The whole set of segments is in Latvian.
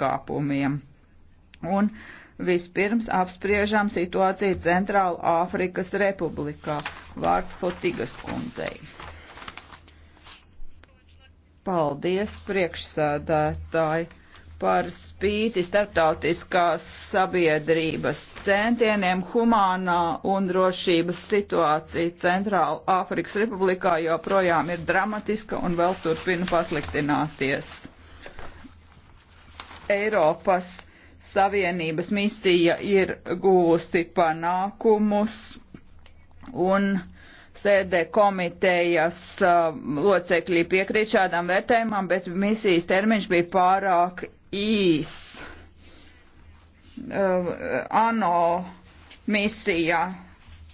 pakāpumiem. Un vispirms apspriežam situāciju Centrāla Āfrikas Republikā. Vārds Fotigas kundzei. Paldies, priekšsēdētāji! Par spīti starptautiskās sabiedrības centieniem humānā un drošības situācija Centrāla Āfrikas Republikā joprojām ir dramatiska un vēl turpina pasliktināties Eiropas Savienības misija ir gūsti panākumus un sēdē komitejas uh, locekļi piekrīt šādām vērtējumam, bet misijas termiņš bija pārāk īs. Uh, ANO misija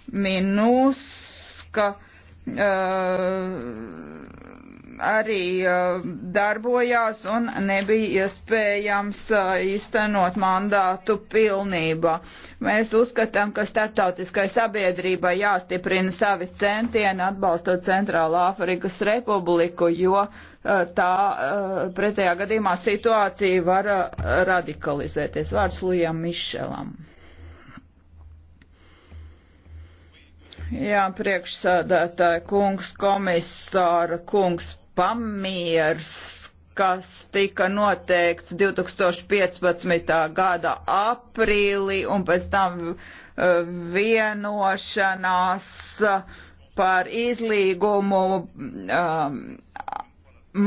Minuska. Uh, arī darbojās un nebija iespējams īstenot mandātu pilnībā. Mēs uzskatām, ka starptautiskai sabiedrībai jāstiprina savi centieni atbalstot Centrālā Afrikas Republiku, jo tā pretējā gadījumā situācija var radikalizēties. Vārds Lujam Mišelam. Jā, priekšsādātāja kungs, komisāra kungs, pamiers, kas tika noteikts 2015. gada aprīlī un pēc tam e, vienošanās par izlīgumu um,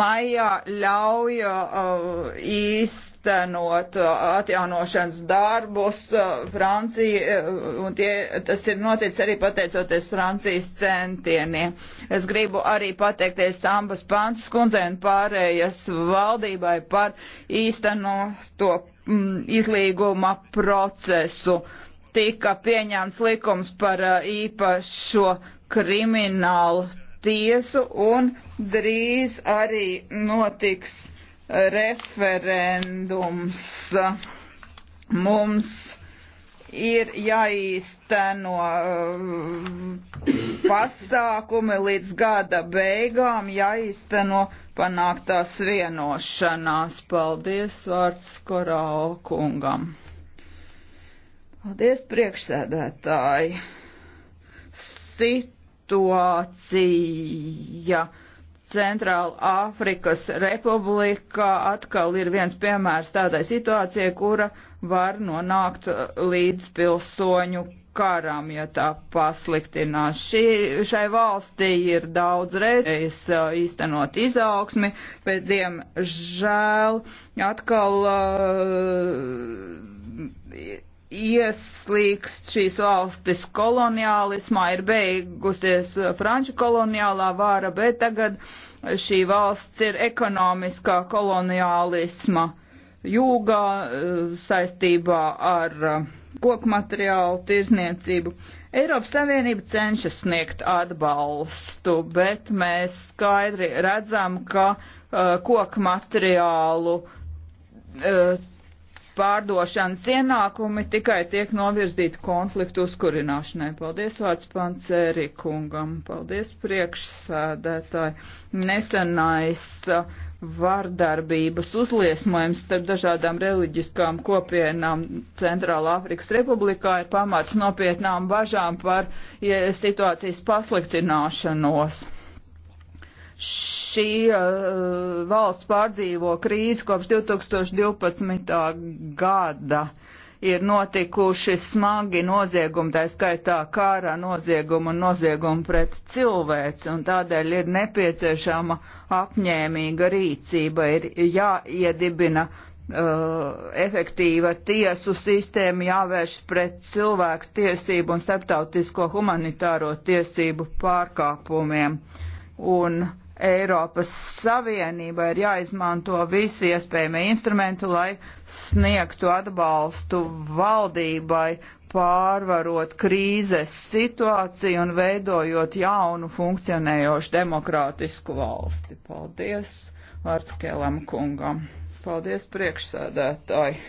maijā ļauj uh, īst īstenot uh, atjaunošanas darbus uh, Francija, uh, un tie, tas ir noticis arī pateicoties Francijas centieniem. Es gribu arī pateikties ambas pants skundzei un pārējas valdībai par īstenoto mm, izlīguma procesu. Tika pieņemts likums par īpašo kriminālu tiesu un drīz arī notiks referendums mums ir jāīsteno uh, pasākumi līdz gada beigām, jāīsteno panāktās vienošanās. Paldies vārds Korāla kungam. Paldies priekšsēdētāji. Situācija Centrāla Āfrikas Republika atkal ir viens piemērs tādai situācijai, kura var nonākt uh, līdz pilsoņu karam, ja tā pasliktinās. Šī, šai valstī ir daudz reizes uh, īstenot izaugsmi, bet, diemžēl, atkal uh, ieslīgst šīs valstis koloniālismā, ir beigusies eh, franču koloniālā vāra, bet tagad šī valsts ir ekonomiskā koloniālisma jūgā eh, saistībā ar eh, kokmateriālu tirzniecību. Eiropas Savienība cenšas sniegt atbalstu, bet mēs skaidri redzam, ka uh, kokmateriālu uh, pārdošanas ienākumi tikai tiek novirzīti konfliktu uzkurināšanai. Paldies vārds pancēri kungam, paldies priekšsēdētāji. Nesenais uh, vardarbības uzliesmojums starp dažādām reliģiskām kopienām Centrāla Afrikas Republikā ir pamats nopietnām bažām par situācijas pasliktināšanos šī uh, valsts pārdzīvo krīzi kopš 2012. gada. Ir notikuši smagi noziegumi, tā skaitā kārā noziegumi un noziegumi pret cilvēci, un tādēļ ir nepieciešama apņēmīga rīcība, ir jāiedibina Uh, efektīva tiesu sistēma jāvērš pret cilvēku tiesību un starptautisko humanitāro tiesību pārkāpumiem. Un uh, Eiropas Savienība ir jāizmanto visi iespējamie instrumenti, lai sniegtu atbalstu valdībai, pārvarot krīzes situāciju un veidojot jaunu funkcionējošu demokrātisku valsti. Paldies Vārtskēlam kungam. Paldies priekšsēdētāji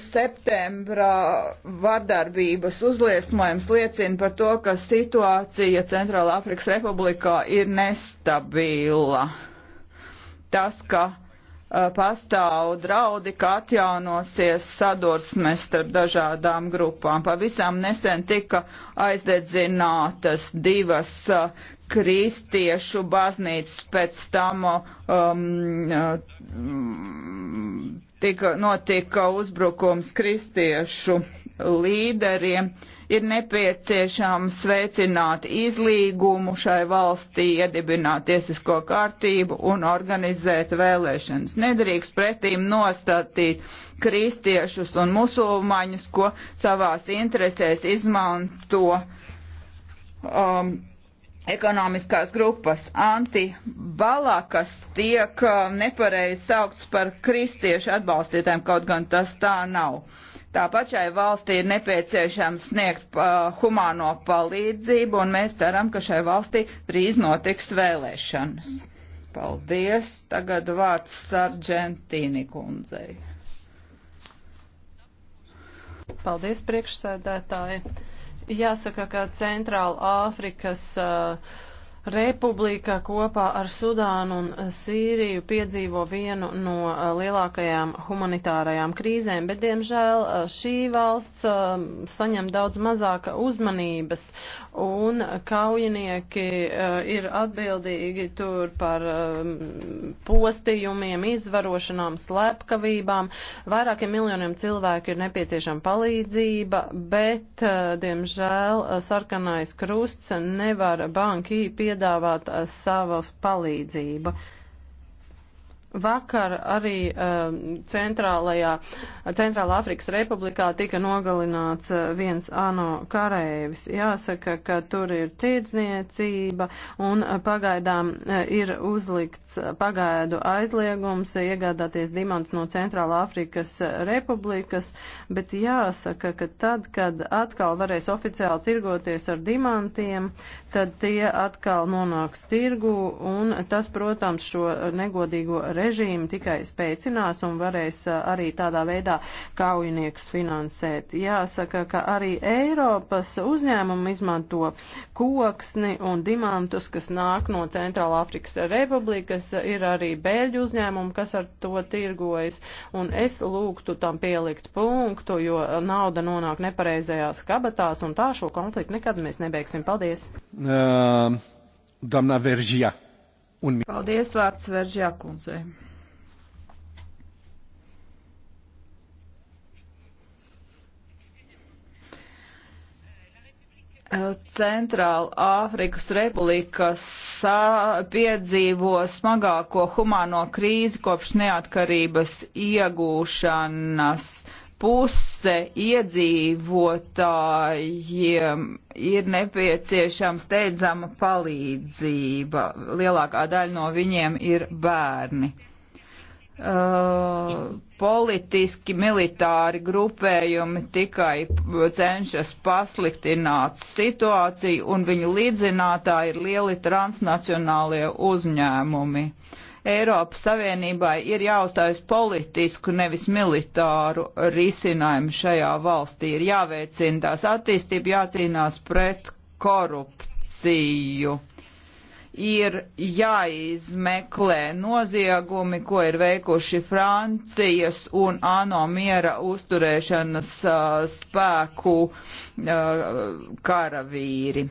septembra vardarbības uzliesmojums liecina par to, ka situācija Centrāla Afrikas Republikā ir nestabila. Tas, ka uh, pastāv draudi, ka atjaunosies sadursmes starp dažādām grupām. Pavisam nesen tika aizdedzinātas divas uh, kristiešu baznīcas pēc tam um, um tika, notika uzbrukums kristiešu līderiem, ir nepieciešams veicināt izlīgumu šai valstī, iedibināt tiesisko kārtību un organizēt vēlēšanas. Nedrīkst pretīm nostatīt kristiešus un musulmaņus, ko savās interesēs izmanto. Um, ekonomiskās grupas antibalakas tiek uh, nepareizi saukts par kristiešu atbalstītājiem, kaut gan tas tā nav. Tāpat šai valstī ir nepieciešams sniegt uh, humāno palīdzību, un mēs ceram, ka šai valstī drīz notiks vēlēšanas. Paldies. Tagad vārds Sargentīni kundzei. Paldies, priekšsēdētāji. Jāsaka, ka Centrāla Āfrikas uh, Republika kopā ar Sudānu un Sīriju piedzīvo vienu no eh, lielākajām humanitārajām krīzēm, bet, diemžēl, eh, šī valsts eh, saņem daudz mazāka uzmanības, un kaujinieki ir atbildīgi tur par postījumiem, izvarošanām, slepkavībām. Vairākiem miljoniem cilvēku ir nepieciešama palīdzība, bet, diemžēl, sarkanais krusts nevar banki piedzīvot piedāvāt uh, savu palīdzību. Vakar arī um, centrālajā, Centrālā Afrikas Republikā tika nogalināts uh, viens ANO karēvis. Jāsaka, ka tur ir tirdzniecība un uh, pagaidām uh, ir uzlikts pagaidu aizliegums iegādāties dimants no Centrālā Afrikas Republikas, bet jāsaka, ka tad, kad atkal varēs oficiāli tirgoties ar dimantiem, tad tie atkal nonāks tirgu un tas, protams, šo negodīgo reģionu režīmi tikai spēcinās un varēs arī tādā veidā kaujinieks finansēt. Jāsaka, ka arī Eiropas uzņēmumi izmanto koksni un dimantus, kas nāk no Centrāla Afrikas Republikas, ir arī Bēļu uzņēmumi, kas ar to tirgojas, un es lūgtu tam pielikt punktu, jo nauda nonāk nepareizajās kabatās, un tā šo konfliktu nekad mēs nebeigsim. Paldies! Uh, Damna Veržija. Un... Paldies, vārds Veržjā kundzei. Centrāla Āfrikas Republika piedzīvo smagāko humāno krīzi kopš neatkarības iegūšanas puse iedzīvotājiem ir nepieciešama steidzama palīdzība. Lielākā daļa no viņiem ir bērni. Uh, politiski militāri grupējumi tikai cenšas pasliktināt situāciju, un viņu līdzinātāji ir lieli transnacionālie uzņēmumi. Uh, Eiropas Savienībai ir jāuzstājas politisku, nevis militāru risinājumu šajā valstī. Ir jāveicina tās attīstība, jācīnās pret korupciju ir jāizmeklē noziegumi, ko ir veikuši Francijas un ANO miera uzturēšanas uh, spēku uh, karavīri.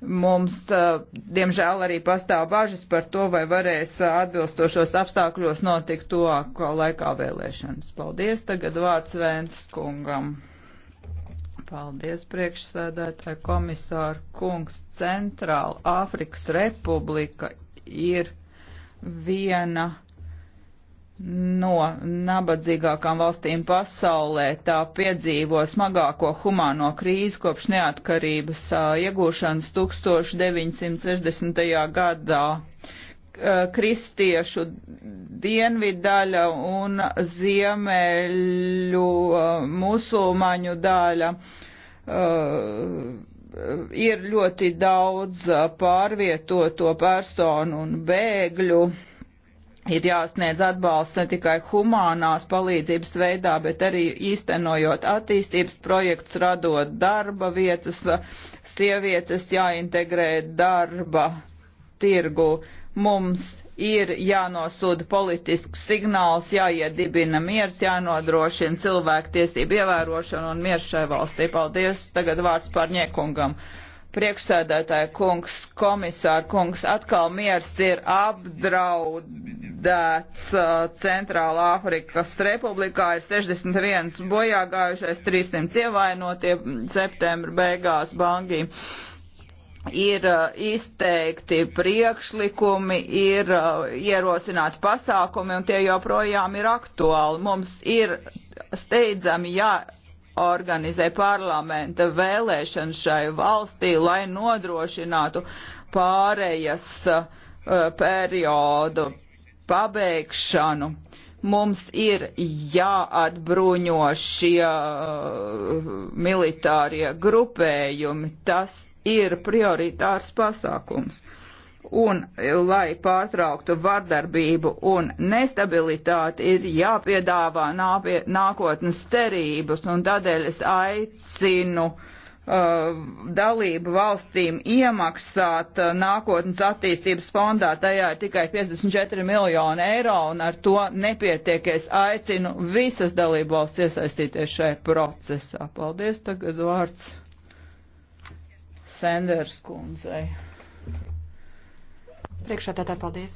Mums, eh, diemžēl, arī pastāv bažas par to, vai varēs eh, atbilstošos apstākļos notikt tuvāko laikā vēlēšanas. Paldies, tagad vārds Vēns kungam. Paldies, priekšsēdētāji komisāri kungs. Centrāla Āfrikas Republika ir viena no nabadzīgākām valstīm pasaulē tā piedzīvo smagāko humāno krīzi kopš neatkarības iegūšanas 1960. gadā. Kristiešu dienvidaļa un ziemeļu musulmaņu daļa ir ļoti daudz pārvietoto personu un bēgļu ir jāsniedz atbalsts ne tikai humānās palīdzības veidā, bet arī īstenojot attīstības projektus, radot darba vietas, sievietes jāintegrē darba tirgu. Mums ir jānosūda politisks signāls, jāiedibina miers, jānodrošina cilvēku tiesību ievērošanu un miers šai valstī. Paldies. Tagad vārds pārņiekungam priekšsēdētāja kungs, komisāra kungs, atkal miers ir apdraudēts Centrāla Āfrikas Republikā, ir 61 bojā gājušais, 300 ievainotie septembra beigās Bangī. Ir izteikti priekšlikumi, ir ierosināti pasākumi, un tie joprojām ir aktuāli. Mums ir steidzami jā. Ja jāorganizē parlamenta vēlēšanas šai valstī, lai nodrošinātu pārējas uh, periodu pabeigšanu. Mums ir jāatbruņo šie uh, militārie grupējumi. Tas ir prioritārs pasākums un lai pārtrauktu vardarbību un nestabilitāti, ir jāpiedāvā nāpie, nākotnes cerības, un tādēļ es aicinu uh, dalību valstīm iemaksāt uh, nākotnes attīstības fondā. Tajā ir tikai 54 miljoni eiro, un ar to nepietiek. Es aicinu visas dalību valsts iesaistīties šajā procesā. Paldies, tagad vārds Senders kundzei. Priekšā tātad paldies.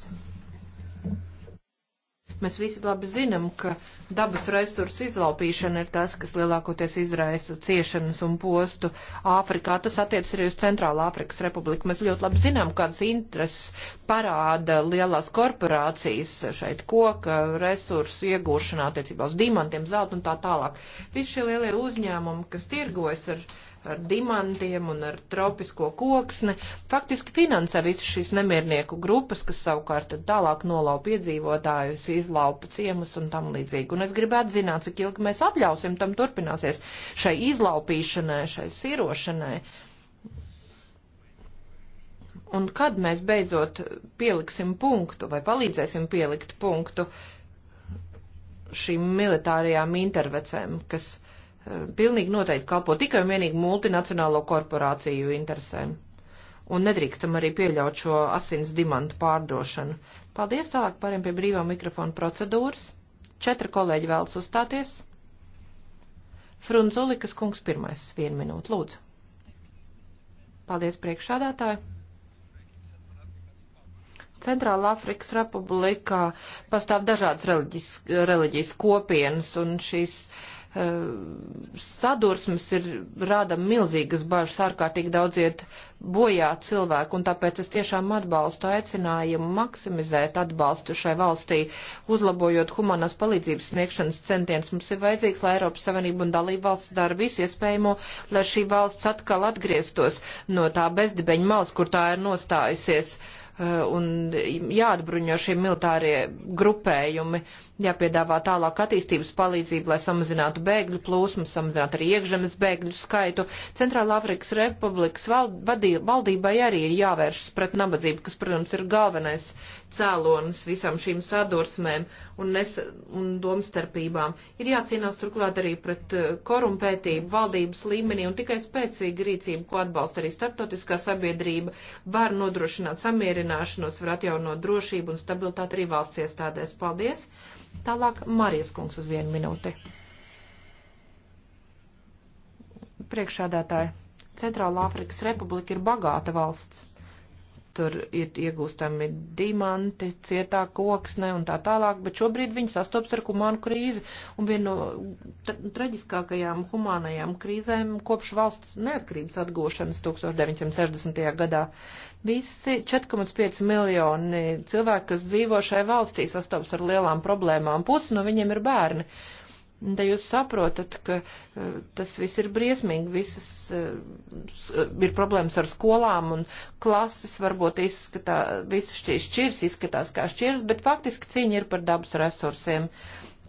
Mēs visi labi zinām, ka dabas resursu izlaupīšana ir tas, kas lielākoties izraisa ciešanas un postu Āfrikā. Tas attiec arī uz Centrālā Āfrikas Republiku. Mēs ļoti labi zinām, kādas intereses parāda lielās korporācijas šeit koka resursu iegūšanā attiecībā uz dimantiem, zeltu un tā tālāk. Visi šie lielie uzņēmumi, kas tirgojas ar ar dimantiem un ar tropisko koksni, faktiski finansē visas šīs nemiernieku grupas, kas savukārt tālāk nolaupa iedzīvotājus, izlaupa ciemus un tam līdzīgi. Un es gribētu zināt, cik ilgi mēs atļausim tam turpināsies šai izlaupīšanai, šai sirošanai. Un kad mēs beidzot pieliksim punktu vai palīdzēsim pielikt punktu šīm militārajām intervecēm, kas uh, pilnīgi noteikti kalpo tikai un vienīgi multinacionālo korporāciju interesēm. Un nedrīkstam arī pieļaut šo asins dimantu pārdošanu. Paldies, tālāk pāriem pie brīvā mikrofona procedūras. Četri kolēģi vēlas uzstāties. Frunzulikas kungs pirmais, vienu minūtu, lūdzu. Paldies priekšādātāji. Centrāla Afrikas Republikā pastāv dažādas reliģijas, reliģijas kopienas, un šīs uh, Eh, sadursmes ir rada milzīgas bažas, ārkārtīgi daudz iet bojā cilvēku, un tāpēc es tiešām atbalstu aicinājumu maksimizēt atbalstu šai valstī, uzlabojot humanās palīdzības sniegšanas centienus. Mums ir vajadzīgs, lai Eiropas Savienība un dalība valsts dara visu iespējamo, lai šī valsts atkal atgrieztos no tā bezdibeņa malas, kur tā ir nostājusies, eh, un jāatbruņo šie militārie grupējumi jāpiedāvā tālāk attīstības palīdzība, lai samazinātu bēgļu plūsmu, samazinātu arī iekšzemes bēgļu skaitu. Centrāla Afrikas Republikas valdībai arī ir jāvēršas pret nabadzību, kas, protams, ir galvenais cēlonis visām šīm sadursmēm un, nes, un domstarpībām. Ir jācīnās turklāt arī pret eh, korumpētību valdības līmenī un tikai spēcīga rīcība, ko atbalsta arī starptautiskā sabiedrība, var nodrošināt samierināšanos, var atjaunot drošību un stabilitāti arī valsts iestādēs. Paldies! Tālāk Marijas kungs uz vienu minūti. Priekšādātāji, Centrāla Āfrikas Republika ir bagāta valsts tur ir iegūstami dimanti, cietā koksne un tā tālāk, bet šobrīd viņi sastops ar humānu krīzi un vienu no traģiskākajām humānajām krīzēm kopš valsts neatkarības atgūšanas 1960. gadā. Visi 4,5 miljoni cilvēki, kas dzīvo šai valstī, sastops ar lielām problēmām, pusi no viņiem ir bērni. Te jūs saprotat, ka e, tas viss ir briesmīgi, visas e, e, ir problēmas ar skolām un klases varbūt izskatā, visas šķirs izskatās kā šķirs, bet faktiski cīņa ir par dabas resursiem.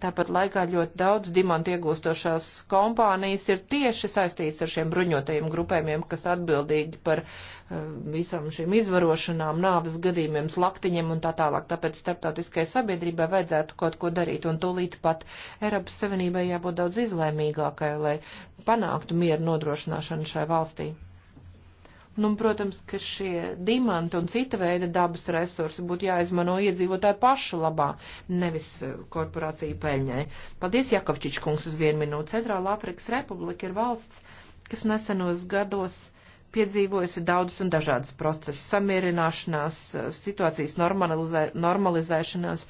Tāpat laikā ļoti daudz dimantu iegūstošās kompānijas ir tieši saistīts ar šiem bruņotajiem grupējumiem, kas atbildīgi par uh, visām šīm izvarošanām, nāves gadījumiem, slaktiņiem un tā tālāk. Tāpēc starptautiskai sabiedrībai vajadzētu kaut ko darīt, un tūlīt pat Eiropas Savienībai jābūt daudz izlēmīgākai, lai panāktu mieru nodrošināšanu šai valstī. Nu, protams, ka šie dimanti un cita veida dabas resursi būtu jāizmano iedzīvotāju pašu labā, nevis eh, korporāciju peļņai. Paldies, Jakovčič kungs, uz vienu minūti. Centrāla Afrikas Republika ir valsts, kas nesenos gados piedzīvojusi daudz un dažādas procesus - samierināšanās, eh, situācijas normalizē, normalizēšanās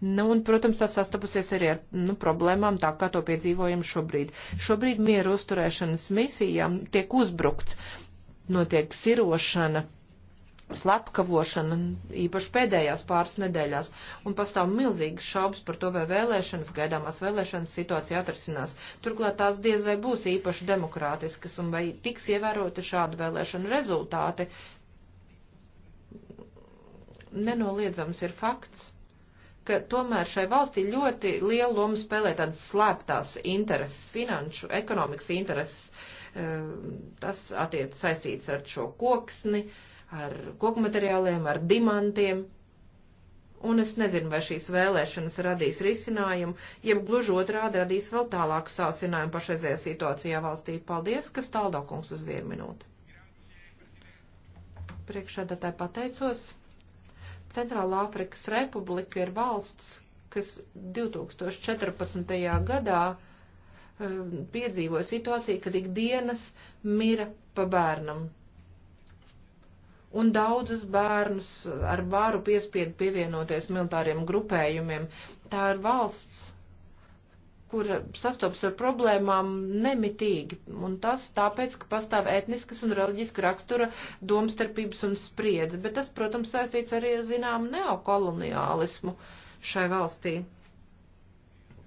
Nu, un, protams, tas sastapusies arī ar nu, problēmām, tā kā to piedzīvojam šobrīd. Šobrīd mieru uzturēšanas misijām tiek uzbrukts, notiek sirošana, slepkavošana, īpaši pēdējās pāris nedēļās, un pastāv milzīgas šaubas par to, vai vēlēšanas, gaidāmās vēlēšanas situācija atrasinās. Turklāt tās diez vai būs īpaši demokrātiskas, un vai tiks ievēroti šādu vēlēšanu rezultāti. Nenoliedzams ir fakts ka tomēr šai valstī ļoti lielu lomu spēlē tādas slēptās intereses, finanšu, ekonomikas intereses, Ehm, tas attiec saistīts ar šo koksni, ar koku materiāliem, ar dimantiem. Un es nezinu, vai šīs vēlēšanas radīs risinājumu, jeb gluži otrādi radīs vēl tālāku sāsinājumu pašreizējā situācijā valstī. Paldies, kas tāldokungs uz vienu minūti. Priekšēdētāji pateicos. Centrāla Āfrikas Republika ir valsts, kas 2014. gadā Um, piedzīvoja situāciju, kad ikdienas mira pa bērnam. Un daudzus bērnus ar vāru piespiedu pievienoties militāriem grupējumiem. Tā ir valsts, kur sastopas ar problēmām nemitīgi, un tas tāpēc, ka pastāv etniskas un reliģiska rakstura domstarpības un spriedze, bet tas, protams, saistīts arī ar zināmu neokoloniālismu šai valstī.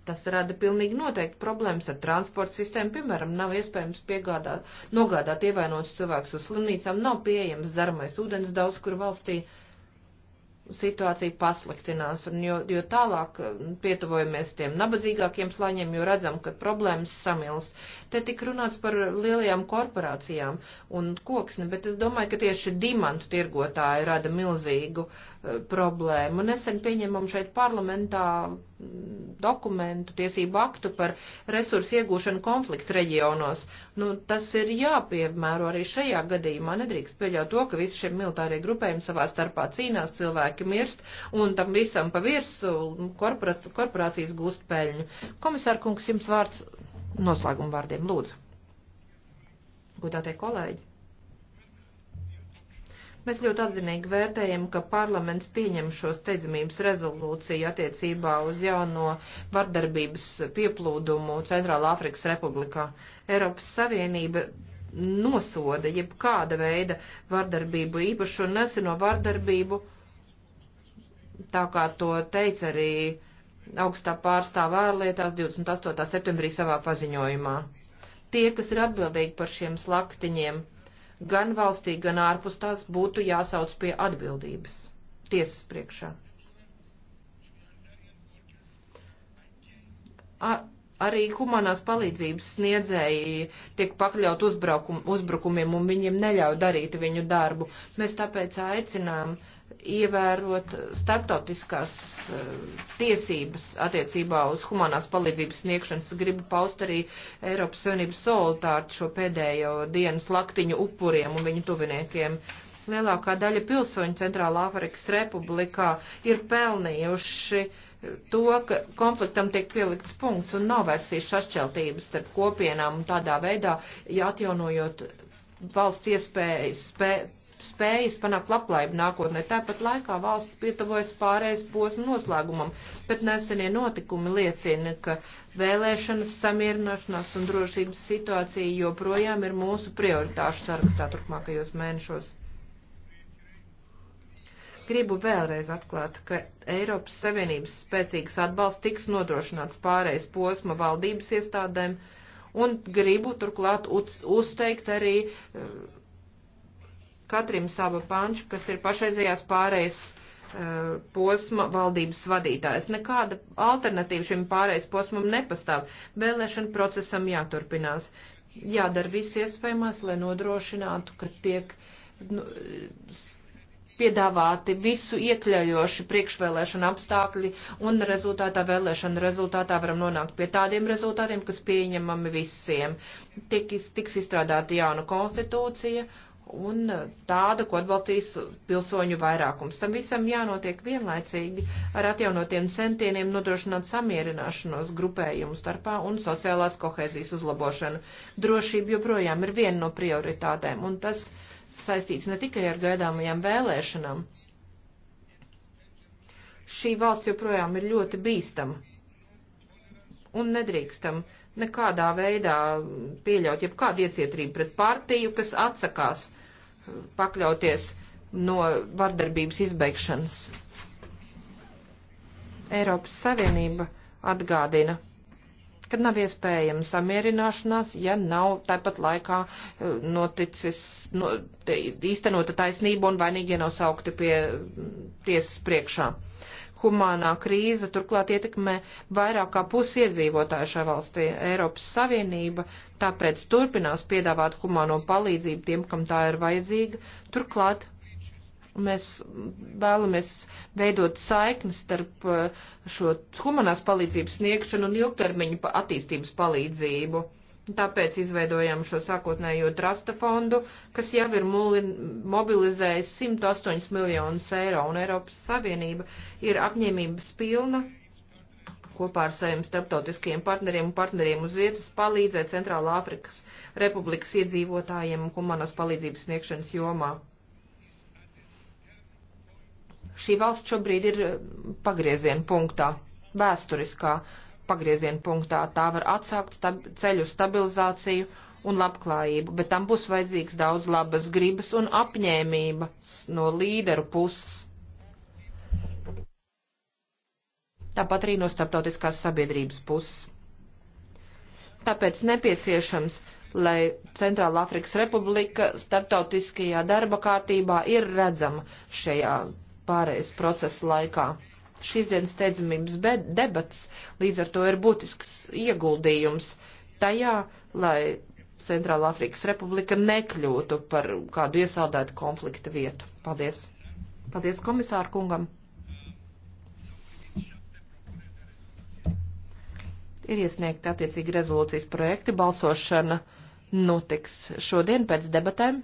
Tas rada pilnīgi noteikti problēmas ar transporta sistēmu. Piemēram, nav iespējams piegādāt, nogādāt ievainotus cilvēkus uz slimnīcām, nav pieejams dzeramais ūdens daudz kur valstī. Situācija pasliktinās, un jo, jo tālāk mm, pietuvojamies tiem nabadzīgākiem slāņiem, jo redzam, ka problēmas samilst. Te tik runāts par lielajām korporācijām un koksni, bet es domāju, ka tieši dimantu tirgotāji rada milzīgu uh, problēmu. Nesen pieņemam šeit parlamentā dokumentu, tiesību aktu par resursu iegūšanu konflikta reģionos. Nu, tas ir jāpiemēro arī šajā gadījumā. Nedrīkst pieļaut to, ka visi šie militārie grupējumi savā starpā cīnās, cilvēki mirst un tam visam pa virsu korporācijas gūst peļņu. Komisār kungs, jums vārds noslēguma vārdiem, lūdzu. Gudātie kolēģi. Mēs ļoti atzinīgi vērtējam, ka parlaments pieņem šo steidzamības rezolūciju attiecībā uz jauno vardarbības pieplūdumu Centrālā Afrikas Republikā. Eiropas Savienība nosoda jebkāda veida vardarbību, īpaši un neseno vardarbību, tā kā to teica arī augstā pārstāvā ārlietās 28. septembrī savā paziņojumā. Tie, kas ir atbildīgi par šiem slaktiņiem, gan valstī, gan ārpus tās būtu jāsauc pie atbildības tiesas priekšā. Ar, arī humanās palīdzības sniedzēji tiek pakļaut uzbrukum, uzbrukumiem un viņiem neļauj darīt viņu darbu. Mēs tāpēc aicinām uh, ievērot starptautiskās eh, tiesības attiecībā uz humanās palīdzības sniegšanas. Gribu paust arī Eiropas Savienības solidārtu šo pēdējo dienas laktiņu upuriem un viņu tuviniekiem. Lielākā daļa pilsoņu Centrālā Afrikas Republikā ir pelnījuši to, ka konfliktam tiek pielikts punkts un nav vairs šīs sašķeltības starp kopienām un tādā veidā, ja atjaunojot valsts iespējas spēt spējas panākt labklājību nākotnē. Tāpat laikā valsts pietavojas pārējais posmu noslēgumam, bet nesenie notikumi liecina, ka vēlēšanas, samierināšanās un drošības situācija joprojām ir mūsu prioritāšu sarakstā turpmākajos mēnešos. Gribu vēlreiz atklāt, ka Eiropas Savienības spēcīgs atbalsts tiks nodrošināts pārējais posma valdības iestādēm, un gribu turklāt uz, uzteikt arī uh, katram sava panča, kas ir pašreizējās pārējas eh, posma valdības vadītājs. Nekāda alternatīva šim pārējais posmam nepastāv. Vēlēšana procesam jāturpinās. Jādara viss iespējamās, lai nodrošinātu, ka tiek nu, piedāvāti visu iekļaujoši priekšvēlēšana apstākļi un rezultātā vēlēšana rezultātā varam nonākt pie tādiem rezultātiem, kas pieņemami visiem. Tiek, tiks izstrādāta jauna konstitūcija un tāda, ko atbalstīs pilsoņu vairākums. Tam visam jānotiek vienlaicīgi ar atjaunotiem centieniem nodrošināt samierināšanos grupējumu starpā un sociālās kohēzijas uzlabošanu. Drošība joprojām ir viena no prioritātēm, un tas saistīts ne tikai ar gaidāmajām vēlēšanām. Šī valsts joprojām ir ļoti bīstama un nedrīkstam uh, nekādā veidā pieļaut jebkādu iecietību pret partiju, kas atsakās uh, pakļauties no vardarbības izbeigšanas. Eiropas Savienība atgādina, ka nav iespējama samierināšanās, ja nav tāpat laikā uh, noticis no, īstenota taisnība un vainīgie nav saukti pie mm, tiesas priekšā. Uh, humānā krīze turklāt ietekmē vairāk kā pusi iedzīvotāju šajā valstī. Eiropas Savienība tāpēc turpinās piedāvāt humāno palīdzību tiem, kam tā ir vajadzīga. Turklāt mēs vēlamies veidot saiknes starp eh, šo humanās palīdzības sniegšanu un ilgtermiņu attīstības palīdzību Tāpēc izveidojam šo sākotnējo trasta fondu, kas jau ir mobilizējis 108 miljonus eiro, un Eiropas Savienība ir apņēmības pilna kopā ar saviem starptautiskiem partneriem un partneriem uz vietas palīdzēt Centrālā Afrikas Republikas iedzīvotājiem humanās palīdzības sniegšanas jomā. Šī valsts šobrīd ir pagrieziena punktā, vēsturiskā. Uh, pagrieziena punktā. Tā var atsākt stab ceļu stabilizāciju un labklājību, bet tam būs vajadzīgs daudz labas gribas un apņēmības no līderu puses. Tāpat arī no starptautiskās sabiedrības puses. Tāpēc nepieciešams, lai Centrāla Afrikas Republika starptautiskajā darba kārtībā ir redzama šajā pārējais procesa laikā šīs dienas steidzamības debats līdz ar to ir būtisks ieguldījums tajā, lai Centrāla Afrikas Republika nekļūtu par kādu iesaldētu konflikta vietu. Paldies. Paldies komisāru kungam. Ir iesniegti attiecīgi rezolūcijas projekti, balsošana notiks šodien pēc debatēm.